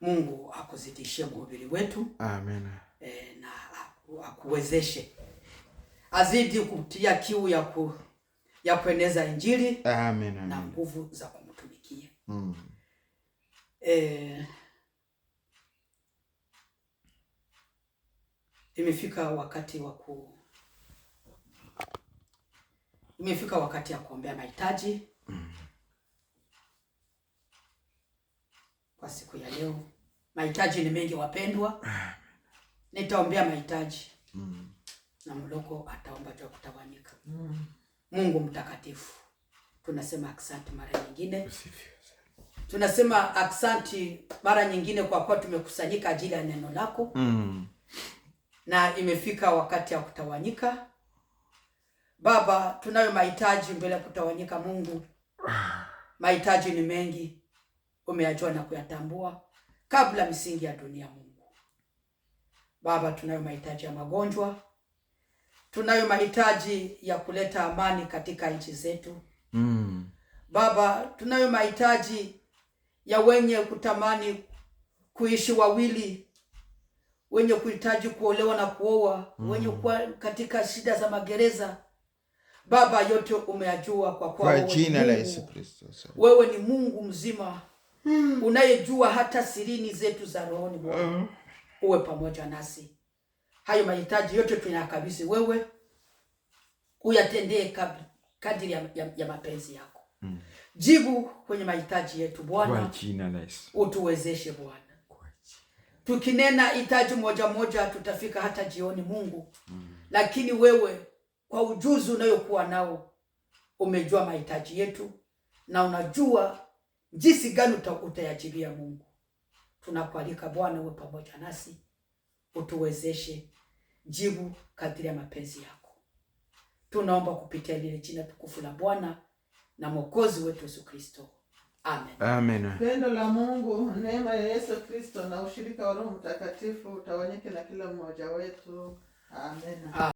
Mungu akuzidishie mhubiri wetu Amen. E, na akuwezeshe azidi kutia kiu ya, ku, ya kueneza Injili Amen. na nguvu za kumtumikia mm. E, imefika wakati wa ku imefika wakati ya kuombea mahitaji kwa siku ya leo. Mahitaji ni mengi wapendwa, nitaombea mahitaji mm. na mloko ataomba cha kutawanyika mm. Mungu mtakatifu, tunasema aksanti mara nyingine, tunasema aksanti mara nyingine kwa kuwa tumekusanyika ajili ya neno lako mm. na imefika wakati ya kutawanyika Baba, tunayo mahitaji mbele ya kutawanyika Mungu, mahitaji ni mengi umeyajua na kuyatambua kabla misingi ya dunia. Mungu Baba, tunayo mahitaji ya magonjwa, tunayo mahitaji ya kuleta amani katika nchi zetu mm. Baba, tunayo mahitaji ya wenye kutamani kuishi wawili, wenye kuhitaji kuolewa na kuoa mm. wenye kuwa katika shida za magereza Baba, yote umeyajua kwa kwa jina la Yesu Kristo. Wewe ni Mungu mzima mm. unayejua hata sirini zetu za rohoni Bwana mm. uwe pamoja nasi. Hayo mahitaji yote tunayakabidhi wewe, uyatendee kadiri ya, ya, ya mapenzi yako mm. jibu kwenye mahitaji yetu Bwana, utuwezeshe Bwana. Tukinena hitaji moja moja tutafika hata jioni Mungu mm. lakini wewe kwa ujuzi unayokuwa nao umejua mahitaji yetu na unajua jinsi gani utayajilia Mungu. Tunakualika Bwana uwe pamoja nasi, utuwezeshe, jibu kadiri ya mapenzi yako. Tunaomba kupitia lile jina tukufu la Bwana na Mwokozi wetu Yesu Kristo. Amen. Amen. Pendo la Mungu, neema ya Yesu Kristo na ushirika wa Roho Mtakatifu utawanyike na kila mmoja wetu. Amen. Amen.